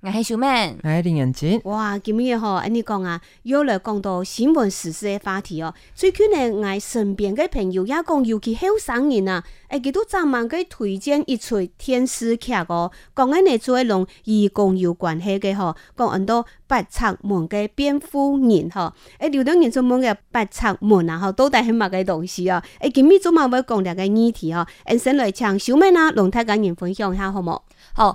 我係小妹，我係林仁傑。哇，今日嗬、哦，安尼講啊，又來講到新聞時事的話題哦。最近咧，我身邊嘅朋友也講，尤其後生人啊，誒，佢都讚慢嘅推薦一出電視劇哦。講緊嘅最攏與移工有關係嘅吼。講咁多八尺門嘅辯護人吼，誒、啊，劉德年做唔嘅八尺門啊，吼，都帶起物嘅東西哦。誒，今日做埋會講兩個議題吼、哦，咁先來請小妹啦、啊，同大家人分享一下好冇？吼。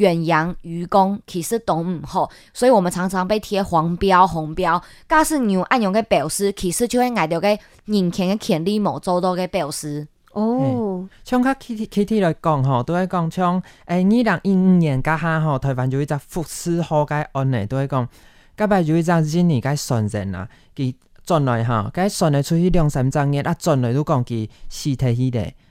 遠洋漁工其實都唔好，所以我們常常被貼黃標、紅標。假使用安樣個表示，其實就會挨到個人權嘅權利冇做到嘅表示。哦，從較 K T K T 來講吼，對伊講，誒，二零一五年加下吼，台灣就一隻福賜群號嘅安尼對伊講，加拜就一隻印尼該船人啊，佢轉來哈，該船來出去兩三張日，啊，轉來都講佢屍體起嚟。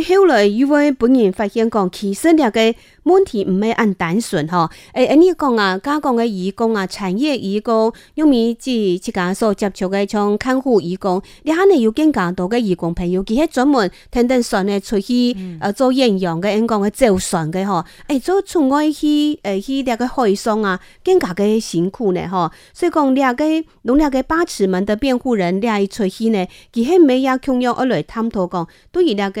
佢後來因為本人發現講，其實呢個問題唔係咁單純，吼、哎。誒，安尼講啊，加工嘅移工啊，產業移工，用嚟至自家所接觸嘅，從看護移工，你可能有更加多個移工朋友，佢係專門天天船的出去，嗯、呃，做遠洋的，咁、嗯、講的造船的吼。誒、哎，做從外去，誒、呃、去呢個海上啊，更加的辛苦呢，吼。所以講呢個，如果嘅八尺門的辯護人呢，出去呢，佢係唔係也同樣而來探討講，對於呢個？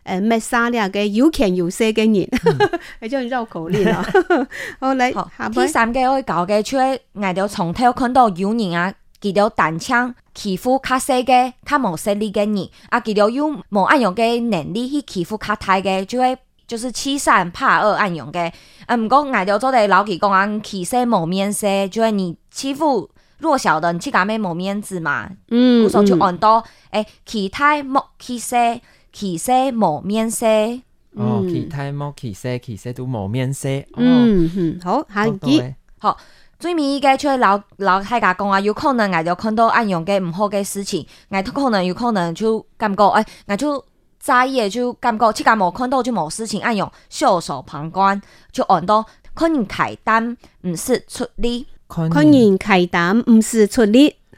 誒咩三啲啊嘅有權有勢嘅人，你將你繞口令啊。 好，嚟第三嘅我教嘅，就會挨條長條看到有人啊，記到膽槍欺負較細嘅較冇實力嘅人，啊記到有冇阿樣嘅能力去欺負較大嘅，就會就是欺善怕惡阿樣嘅。嗯、啊，我挨條做對老奇公講，欺細冇面勢，就會你欺負弱小的，你起碼咩冇面子嘛。嗯。咁所以好多誒，欺大冇欺細。欸嗯，嗯，欺細無面勢，哦、嗯，欺大莫欺細，欺細都無面勢，哦，好，還幾好，好。最尾一個就老老太太講啊，有可能外頭看到安樣嘅唔好嘅事情，外頭可能有可能就感覺，哎、欸，外就在意嘅就感覺其他無看到就無事情，安樣袖手旁觀就按到，看人㧡擔毋使出力，看人㧡擔毋使出力。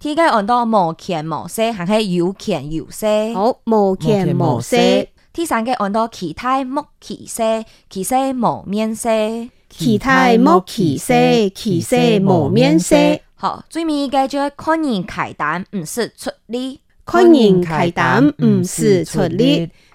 第二個按到無權無勢，還係有權有勢。好，無權無勢。第三個按到欺大莫欺細，欺細無面勢。欺大莫欺細，欺細無面勢。好，最尾嘅就係看人㧡擔毋使出力，看人㧡擔毋使出力。